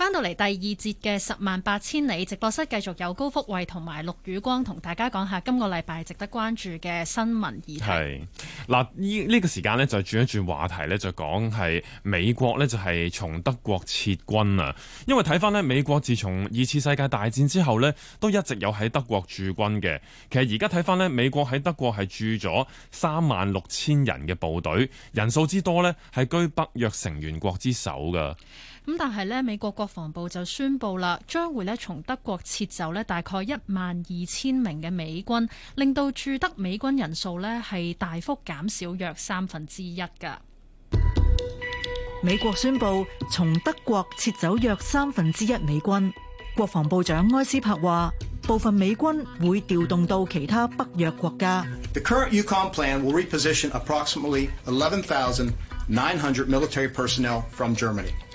翻到嚟第二節嘅十萬八千里直播室，繼續有高福慧同埋陸宇光同大家講下今個禮拜值得關注嘅新聞議題。嗱，呢呢個時間呢，就轉一轉話題呢就講係美國呢，就係從德國撤軍啊。因為睇翻呢，美國自從二次世界大戰之後呢，都一直有喺德國駐軍嘅。其實而家睇翻呢，美國喺德國係駐咗三萬六千人嘅部隊，人數之多呢，係居北約成員國之首㗎。咁但係咧，美國國防部就宣布啦，將會咧從德國撤走咧大概一萬二千名嘅美軍，令到駐德美軍人數咧係大幅減少約三分之一嘅。美國宣布從德國撤走約三分之一美軍，國防部長埃斯珀話，部分美軍會調動到其他北約國家。The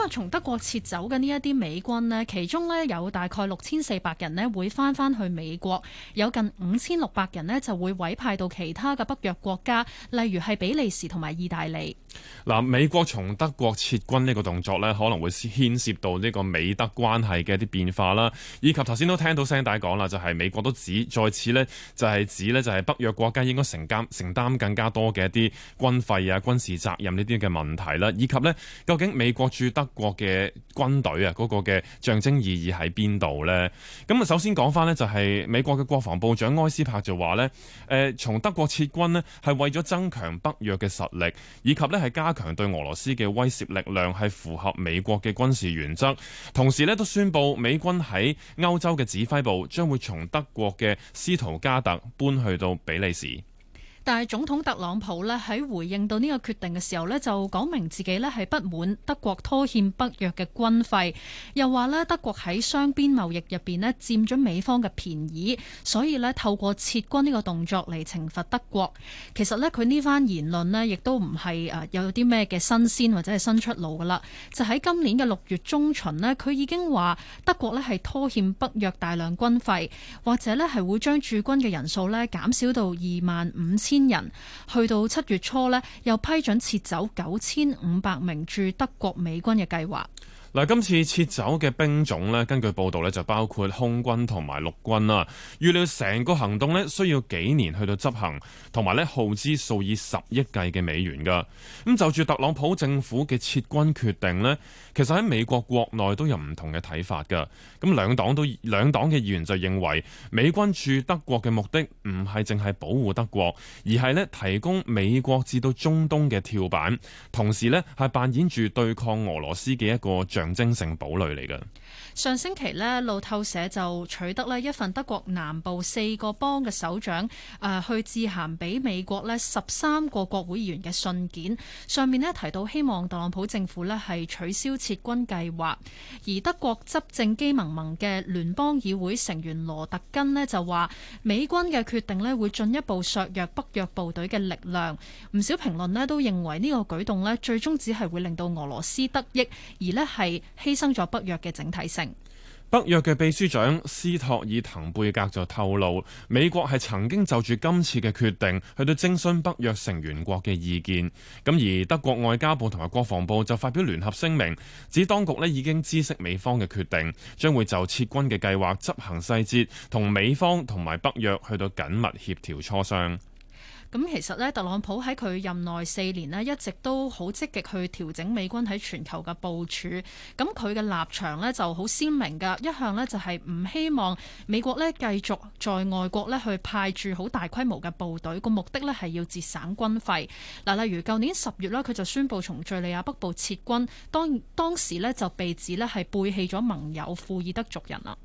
因為，從德國撤走嘅呢一啲美軍呢，其中呢有大概六千四百人呢會返返去美國，有近五千六百人呢就會委派到其他嘅北約國家，例如係比利時同埋意大利。嗱，美國從德國撤軍呢個動作咧，可能會牽涉到呢個美德關係嘅一啲變化啦，以及頭先都聽到聲帶講啦，就係美國都指在此呢就係指呢，就係北約國家應該承擔承擔更加多嘅一啲軍費啊、軍事責任呢啲嘅問題啦，以及呢，究竟美國駐德國嘅軍隊啊嗰個嘅象徵意義喺邊度呢？咁啊，首先講翻呢，就係美國嘅國防部長埃斯帕就話呢，誒，從德國撤軍呢，係為咗增強北約嘅實力，以及咧。係加強對俄羅斯嘅威懾力量，係符合美國嘅軍事原則。同時呢，都宣佈美軍喺歐洲嘅指揮部將會從德國嘅斯圖加特搬去到比利時。但係總統特朗普咧，喺回應到呢個決定嘅時候呢，就講明自己咧係不滿德國拖欠北約嘅軍費，又話咧德國喺雙邊貿易入邊咧佔咗美方嘅便宜，所以呢，透過撤軍呢個動作嚟懲罰德國。其實呢，佢呢番言論呢亦都唔係誒有啲咩嘅新鮮或者係新出路噶啦。就喺今年嘅六月中旬呢，佢已經話德國咧係拖欠北約大量軍費，或者咧係會將駐軍嘅人數咧減少到二萬五千。人去到七月初呢，又批准撤走九千五百名駐德國美軍嘅計劃。嗱，今次撤走嘅兵種咧，根據報道咧，就包括空軍同埋陸軍啦。預料成個行動咧需要幾年去到執行，同埋咧耗資數以十億計嘅美元噶。咁就住特朗普政府嘅撤軍決定咧，其實喺美國國內都有唔同嘅睇法噶。咁兩黨都兩黨嘅議員就認為美軍駐德國嘅目的唔係淨係保護德國，而係咧提供美國至到中東嘅跳板，同時咧係扮演住對抗俄羅斯嘅一個。象徵性堡壘嚟噶。 上星期呢，路透社就取得呢一份德國南部四個邦嘅首長誒、呃、去致函俾美國呢十三個國會議員嘅信件，上面呢提到希望特朗普政府呢係取消撤軍計劃。而德國執政基民盟嘅聯邦議會成員羅特根呢就話，美軍嘅決定呢會進一步削弱北約部隊嘅力量。唔少評論呢都認為呢個舉動呢最終只係會令到俄羅斯得益，而呢係犧牲咗北約嘅整體性。北約嘅秘書長斯托爾滕貝格就透露，美國係曾經就住今次嘅決定去到徵詢北約成員國嘅意見。咁而德國外交部同埋國防部就發表聯合聲明，指當局咧已經知悉美方嘅決定，將會就撤軍嘅計劃執行細節同美方同埋北約去到緊密協調磋商。咁其實咧，特朗普喺佢任內四年咧，一直都好積極去調整美軍喺全球嘅部署。咁佢嘅立場咧就好鮮明㗎，一向呢就係唔希望美國咧繼續在外國咧去派駐好大規模嘅部隊。個目的咧係要節省軍費。嗱，例如舊年十月咧，佢就宣布從敍利亞北部撤軍。當當時咧就被指咧係背棄咗盟友庫爾德族人啊。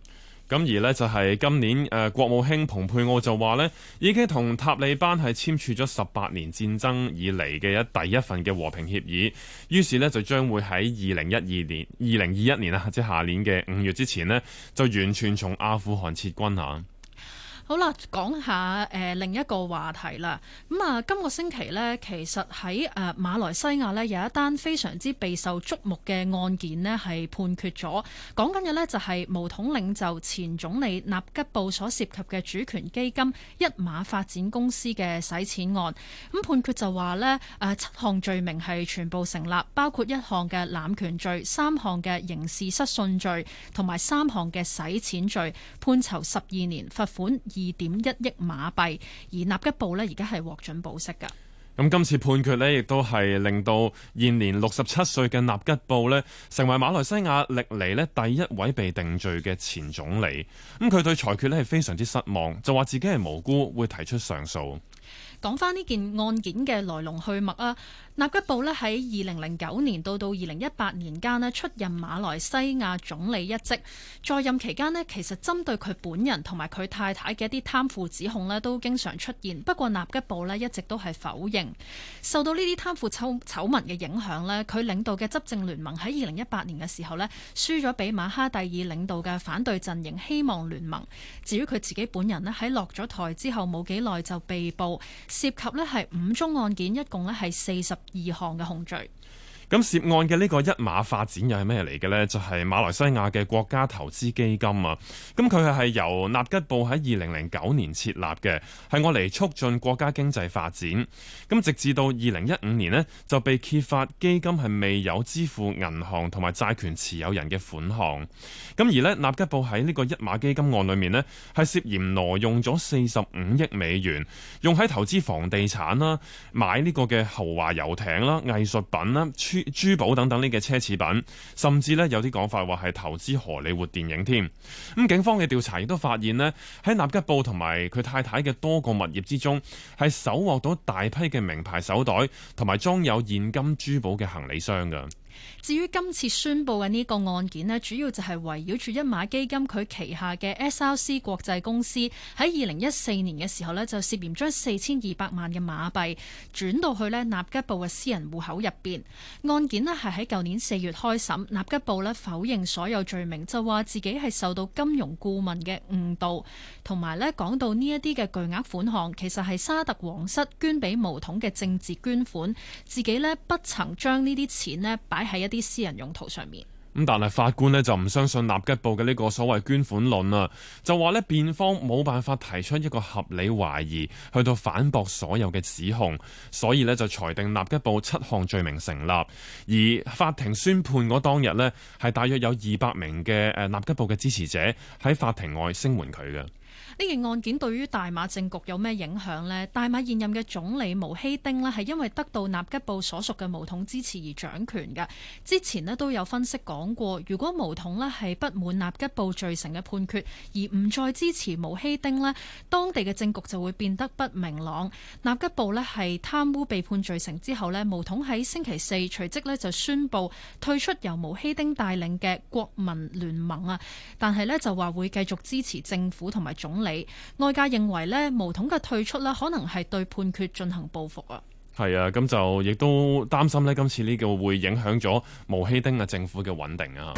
咁而呢，就係、是、今年誒、呃、國務卿蓬佩奧就話呢，已經同塔利班係簽署咗十八年戰爭以嚟嘅一第一份嘅和平協議，於是呢，就將會喺二零一二年、二零二一年啊，即下年嘅五月之前呢就完全從阿富汗撤軍啦。好啦，講下誒、呃、另一個話題啦。咁、嗯、啊、呃，今個星期呢，其實喺誒、呃、馬來西亞呢，有一單非常之備受矚目嘅案件呢係判決咗。講緊嘅呢，就係巫統領袖前總理納吉布所涉及嘅主權基金一馬發展公司嘅洗錢案。咁、嗯、判決就話呢，誒、呃、七項罪名係全部成立，包括一項嘅濫權罪、三項嘅刑事失信罪同埋三項嘅洗錢罪，判囚十二年，罰款二點一億馬幣，而納吉布呢而家係獲准保釋噶。咁今次判決呢，亦都係令到現年六十七歲嘅納吉布呢成為馬來西亞歷嚟呢第一位被定罪嘅前總理。咁佢對裁決呢係非常之失望，就話自己係無辜，會提出上訴。講翻呢件案件嘅來龍去脈啊！納吉布咧喺二零零九年到到二零一八年間，咧出任馬來西亞總理一職，在任期間咧其實針對佢本人同埋佢太太嘅一啲貪腐指控咧都經常出現，不過納吉布咧一直都係否認。受到呢啲貪腐醜醜聞嘅影響咧，佢領導嘅執政聯盟喺二零一八年嘅時候咧輸咗俾馬哈蒂爾領導嘅反對陣營希望聯盟。至於佢自己本人咧喺落咗台之後冇幾耐就被捕，涉及咧係五宗案件，一共咧係四十二項嘅控罪。咁涉案嘅呢個一馬發展又係咩嚟嘅咧？就係馬來西亞嘅國家投資基金啊！咁佢係由納吉布喺二零零九年設立嘅，係用嚟促進國家經濟發展。咁直至到二零一五年咧，就被揭發基金係未有支付銀行同埋債權持有人嘅款項。咁而咧，納吉布喺呢個一馬基金案裏面咧，係涉嫌挪用咗四十五億美元，用喺投資房地產啦、買呢個嘅豪華遊艇啦、藝術品啦。珠寶等等呢嘅奢侈品，甚至呢有啲講法話係投資荷里活電影添。咁警方嘅調查亦都發現呢，喺納吉布同埋佢太太嘅多個物業之中，係搜獲到大批嘅名牌手袋，同埋裝有現金珠寶嘅行李箱㗎。至於今次宣布嘅呢個案件咧，主要就係圍繞住一馬基金佢旗下嘅 S.R.C 國際公司喺二零一四年嘅時候咧，就涉嫌將四千二百萬嘅馬幣轉到去咧納吉布嘅私人戶口入邊。案件咧係喺舊年四月開審，納吉布咧否認所有罪名，就話自己係受到金融顧問嘅誤導，同埋咧講到呢一啲嘅巨額款項其實係沙特皇室捐俾巫統嘅政治捐款，自己咧不曾將呢啲錢咧擺喺一啲私人用途上面，咁但係法官咧就唔相信納吉布嘅呢個所謂捐款論啊，就話呢辯方冇辦法提出一個合理懷疑去到反駁所有嘅指控，所以呢就裁定納吉布七項罪名成立。而法庭宣判嗰當日呢，係大約有二百名嘅誒納吉布嘅支持者喺法庭外聲援佢嘅。呢件案件對於大馬政局有咩影響呢？大馬現任嘅總理毛希丁呢，係因為得到納吉布所屬嘅毛統支持而掌權嘅。之前呢，都有分析講過，如果毛統呢係不滿納吉布罪成嘅判決，而唔再支持毛希丁呢，當地嘅政局就會變得不明朗。納吉布呢係貪污被判罪成之後呢，毛統喺星期四隨即呢就宣布退出由毛希丁帶領嘅國民聯盟啊，但係呢，就話會繼續支持政府同埋總理。外界認為呢，巫統嘅退出咧，可能係對判決進行報復啊。係啊，咁就亦都擔心呢。今次呢個會影響咗毛希丁嘅、啊、政府嘅穩定啊。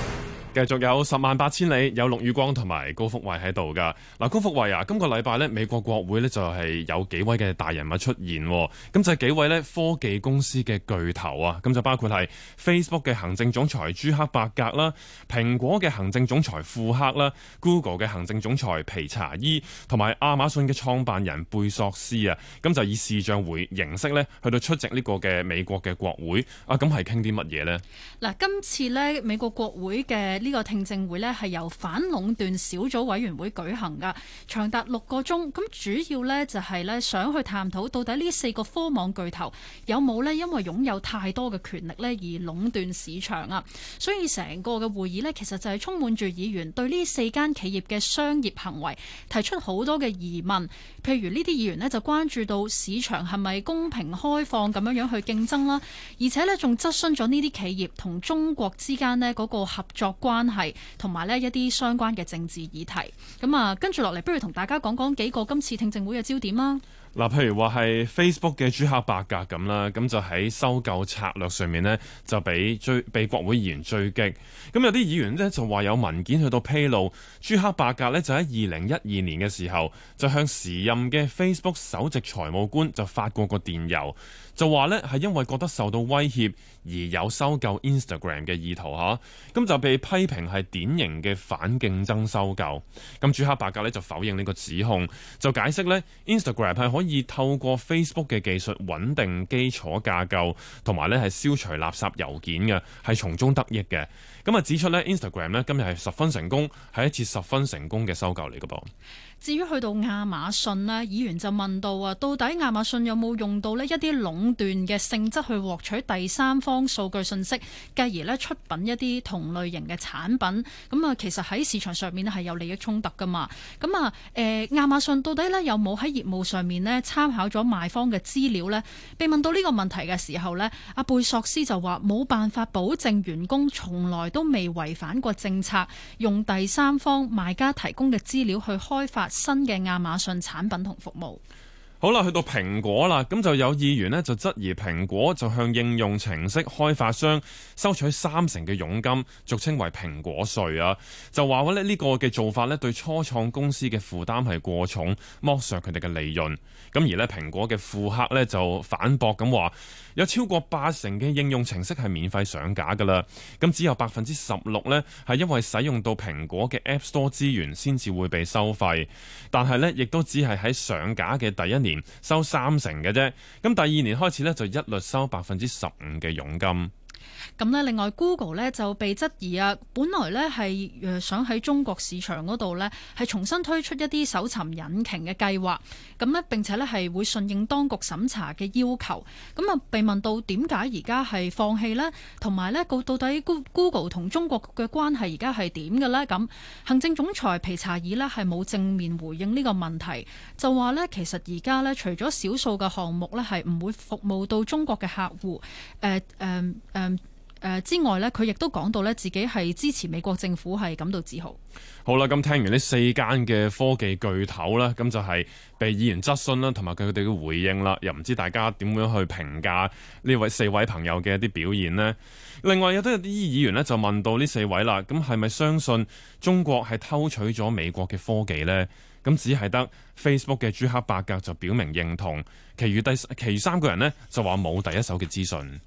繼續有十萬八千里，有陸宇光同埋高福慧喺度噶。嗱，高福慧啊，今個禮拜呢，美國國會呢就係、是、有幾位嘅大人物出現、啊，咁就係幾位呢科技公司嘅巨頭啊，咁就包括係 Facebook 嘅行政總裁朱克伯格啦，蘋果嘅行政總裁庫克啦，Google 嘅行政總裁皮查伊同埋亞馬遜嘅創辦人貝索斯啊，咁就以視像會形式呢。去到出席呢個嘅美國嘅國會啊，咁係傾啲乜嘢咧？嗱，今次咧美國國會嘅呢個聽證會咧係由反壟斷小組委員會舉行噶，長達六個鐘。咁主要咧就係咧想去探討到底呢四個科網巨頭有冇咧因為擁有太多嘅權力咧而壟斷市場啊。所以成個嘅會議咧其實就係充滿住議員對呢四間企業嘅商業行為提出好多嘅疑問。譬如呢啲議員咧就關注到市場係咪公平開？開放咁樣樣去競爭啦，而且咧仲質詢咗呢啲企業同中國之間呢嗰個合作關係，同埋呢一啲相關嘅政治議題。咁啊，跟住落嚟，不如同大家講講幾個今次聽證會嘅焦點啦。嗱，譬如話係 Facebook 嘅朱克伯格咁啦，咁就喺收購策略上面咧，就俾追被國會議員追擊，咁有啲議員咧就話有文件去到披露，朱克伯格咧就喺二零一二年嘅時候，就向時任嘅 Facebook 首席財務官就發過個電郵，就話咧係因為覺得受到威脅而有收購 Instagram 嘅意圖吓，咁就被批評係典型嘅反競爭收購，咁朱克伯格咧就否認呢個指控，就解釋咧 Instagram 係可以。以透過 Facebook 嘅技術穩定基礎架構，同埋咧係消除垃圾郵件嘅，係從中得益嘅。咁啊指出咧，Instagram 咧今日係十分成功，係一次十分成功嘅收購嚟嘅噃。至於去到亞馬遜咧，議員就問到啊，到底亞馬遜有冇用到咧一啲壟斷嘅性質去獲取第三方數據信息，繼而咧出品一啲同類型嘅產品？咁、嗯、啊，其實喺市場上面咧係有利益衝突噶嘛。咁、嗯、啊，誒、嗯、亞馬遜到底咧有冇喺業務上面咧參考咗賣方嘅資料呢？被問到呢個問題嘅時候咧，阿貝索斯就話冇辦法保證員工從來都未違反過政策，用第三方賣家提供嘅資料去開發，新嘅亞馬遜產品同服務。好啦，去到蘋果啦，咁就有議員咧就質疑蘋果就向應用程式開發商收取三成嘅佣金，俗稱為蘋果稅啊，就話話咧呢個嘅做法咧對初創公司嘅負擔係過重，剝削佢哋嘅利潤，咁而咧蘋果嘅庫克咧就反駁咁話有超過八成嘅應用程式係免費上架噶啦，咁只有百分之十六咧係因為使用到蘋果嘅 App Store 資源先至會被收費，但係咧亦都只係喺上架嘅第一年。收三成嘅啫，咁第二年開始咧就一律收百分之十五嘅佣金。咁呢，另外 Google 咧就被質疑啊，本來咧係誒想喺中國市場嗰度咧係重新推出一啲搜尋引擎嘅計劃，咁呢，並且咧係會順應當局審查嘅要求。咁啊，被問到點解而家係放棄呢，同埋咧，到到底 Google 同中國嘅關係而家係點嘅呢？咁行政總裁皮查爾呢，係冇正面回應呢個問題，就話咧其實而家咧除咗少數嘅項目咧係唔會服務到中國嘅客戶，誒誒誒。呃呃。誒，之外咧，佢亦都講到咧，自己係支持美國政府，係感到自豪。好啦，咁聽完呢四間嘅科技巨頭咧，咁就係被議員質詢啦，同埋佢哋嘅回應啦，又唔知大家點樣去評價呢位四位朋友嘅一啲表現呢？另外有都有啲議員呢就問到呢四位啦，「咁係咪相信中國係偷取咗美國嘅科技呢？」咁只係得 Facebook 嘅朱克伯格就表明認同，其餘第其餘三個人呢，就話冇第一手嘅資訊。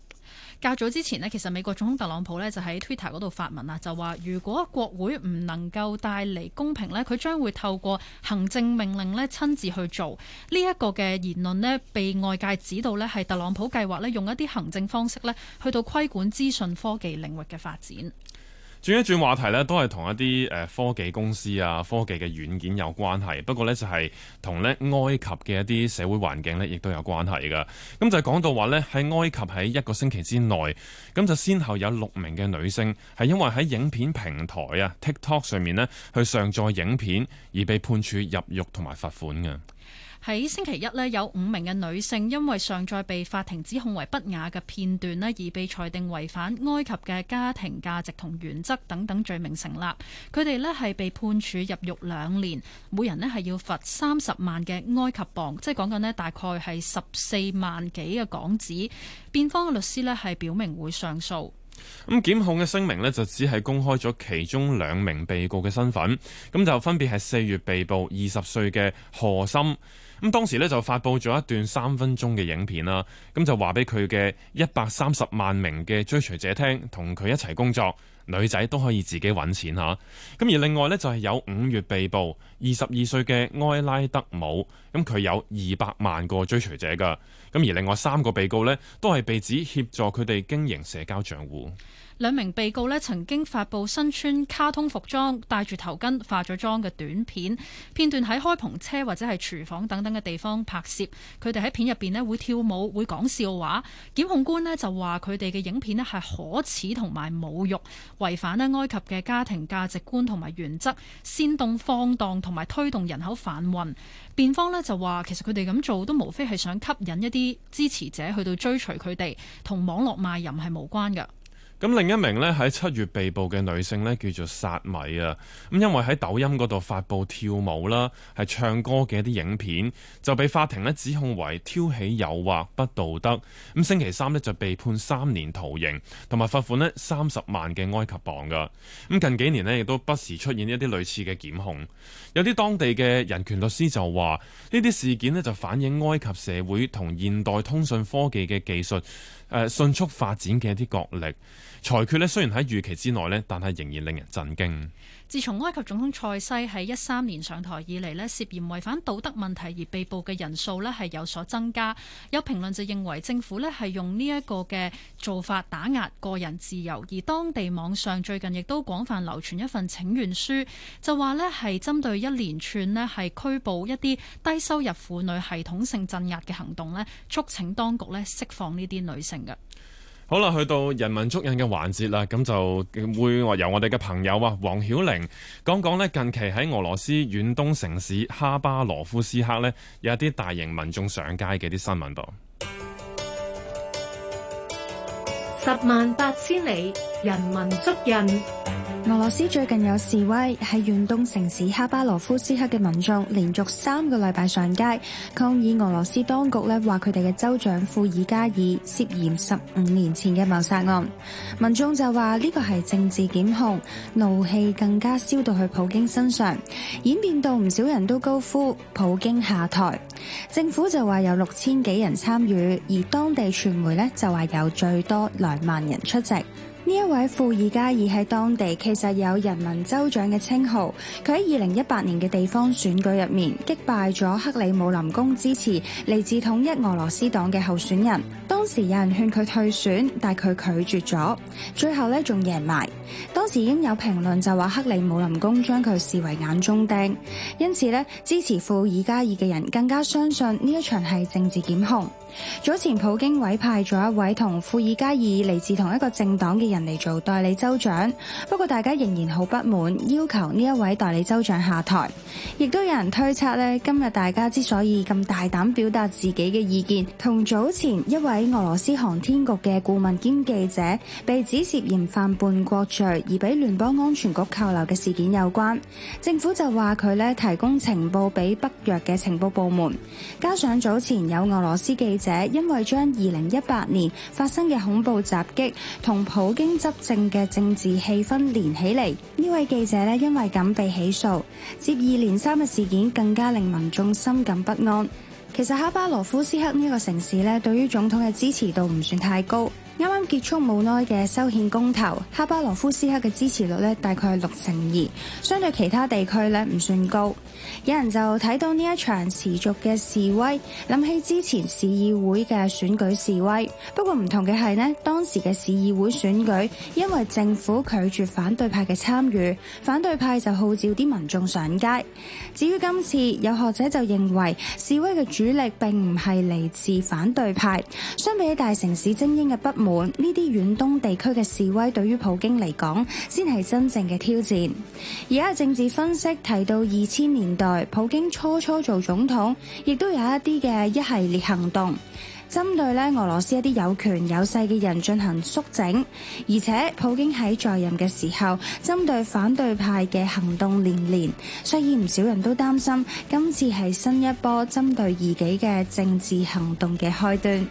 較早之前咧，其實美國總統特朗普咧就喺 Twitter 嗰度發文啦，就話如果國會唔能夠帶嚟公平咧，佢將會透過行政命令咧親自去做呢一個嘅言論咧，被外界指導咧係特朗普計劃咧用一啲行政方式咧去到規管資訊科技領域嘅發展。轉一轉話題呢，都係同一啲誒科技公司啊、科技嘅軟件有關係。不過呢，就係同呢埃及嘅一啲社會環境呢，亦都有關係噶。咁就講到話呢，喺埃及喺一個星期之內，咁就先後有六名嘅女性係因為喺影片平台啊 TikTok 上面呢，去上載影片而被判處入獄同埋罰款嘅。喺星期一呢，有五名嘅女性因為上載，被法庭指控為不雅嘅片段呢，而被裁定違反埃及嘅家庭價值同原則等等罪名成立。佢哋呢，係被判處入獄兩年，每人呢，係要罰三十萬嘅埃及鎊，即係講緊呢，大概係十四萬幾嘅港紙。辯方嘅律師呢，係表明會上訴。咁檢控嘅聲明呢，就只係公開咗其中兩名被告嘅身份，咁就分別係四月被捕二十歲嘅何心。咁當時咧就發布咗一段三分鐘嘅影片啦，咁就話俾佢嘅一百三十萬名嘅追隨者聽，同佢一齊工作，女仔都可以自己揾錢吓。咁而另外呢，就係有五月被捕二十二歲嘅埃拉德姆，咁佢有二百萬個追隨者噶。咁而另外三個被告呢，都係被指協助佢哋經營社交賬戶。兩名被告咧曾經發布身穿卡通服裝、戴住頭巾、化咗妝嘅短片片段，喺開篷車或者係廚房等等嘅地方拍攝。佢哋喺片入邊咧會跳舞、會講笑話。檢控官咧就話佢哋嘅影片咧係可恥同埋侮辱，違反咧埃及嘅家庭價值觀同埋原則，煽動放蕩同埋推動人口販運。辯方咧就話其實佢哋咁做都無非係想吸引一啲支持者去到追隨佢哋，同網絡賣淫係無關嘅。咁另一名呢，喺七月被捕嘅女性呢，叫做薩米啊。咁因為喺抖音嗰度發布跳舞啦、係唱歌嘅一啲影片，就被法庭呢指控為挑起誘惑不道德。咁星期三呢，就被判三年徒刑，同埋罰款呢三十萬嘅埃及磅㗎。咁近幾年呢，亦都不時出現一啲類似嘅檢控。有啲當地嘅人權律師就話：呢啲事件呢，就反映埃及社會同現代通訊科技嘅技術。誒迅速發展嘅一啲角力。裁決咧，雖然喺預期之內咧，但係仍然令人震驚。自從埃及總統塞西喺一三年上台以嚟咧，涉嫌違反道德問題而被捕嘅人數咧係有所增加。有評論就認為政府咧係用呢一個嘅做法打壓個人自由，而當地網上最近亦都廣泛流傳一份請願書，就話咧係針對一連串咧係拘捕一啲低收入婦女系統性鎮壓嘅行動咧，促請當局咧釋放呢啲女性嘅。好啦，去到人文足印嘅環節啦，咁就會由我哋嘅朋友啊，黃曉玲講講呢近期喺俄羅斯遠東城市哈巴羅夫斯克呢，有一啲大型民眾上街嘅啲新聞噃。十萬八千里，人文足印。俄羅斯最近有示威，喺遠東城市哈巴羅夫斯克嘅民眾連續三個禮拜上街抗議俄羅斯當局咧，話佢哋嘅州長富爾加爾涉嫌十五年前嘅謀殺案。民眾就話呢個係政治檢控，怒氣更加燒到去普京身上，演變到唔少人都高呼普京下台。政府就話有六千幾人參與，而當地傳媒咧就話有最多兩萬人出席。呢一位富爾加爾喺當地其實有人民州長嘅稱號，佢喺二零一八年嘅地方選舉入面擊敗咗克里姆林宮支持嚟自統一俄羅斯黨嘅候選人。當時有人勸佢退選，但佢拒絕咗，最後咧仲贏埋。當時已經有評論就話克里姆林宮將佢視為眼中釘，因此呢，支持富爾加爾嘅人更加相信呢一場係政治檢控。早前普京委派咗一位同富爾加爾嚟自同一個政黨嘅人嚟做代理州長，不過大家仍然好不滿，要求呢一位代理州長下台。亦都有人推測咧，今日大家之所以咁大膽表達自己嘅意見，同早前一位俄羅斯航天局嘅顧問兼記者被指涉嫌犯叛國罪而俾聯邦安全局扣留嘅事件有關。政府就話佢咧提供情報俾北約嘅情報部門，加上早前有俄羅斯記。因政政者因為將二零一八年發生嘅恐怖襲擊同普京執政嘅政治氣氛連起嚟，呢位記者咧因為咁被起訴。接二連三嘅事件更加令民眾深感不安。其實哈巴羅夫斯克呢個城市咧，對於總統嘅支持度唔算太高。啱啱結束冇耐嘅修憲公投，哈巴羅夫斯克嘅支持率呢大概係六成二，相對其他地區呢唔算高。有人就睇到呢一場持續嘅示威，諗起之前市議會嘅選舉示威。不過唔同嘅係呢，當時嘅市議會選舉因為政府拒絕反對派嘅參與，反對派就號召啲民眾上街。至於今次，有學者就認為示威嘅主力並唔係嚟自反對派，相比大城市精英嘅不滿。呢啲遠東地區嘅示威，對於普京嚟講，先係真正嘅挑戰。而家政治分析提到，二千年代普京初初做總統，亦都有一啲嘅一系列行動，針對咧俄羅斯一啲有權有勢嘅人進行縮整。而且普京喺在，在任嘅時候，針對反對派嘅行動連連。所以唔少人都擔心，今次係新一波針對自己嘅政治行動嘅開端。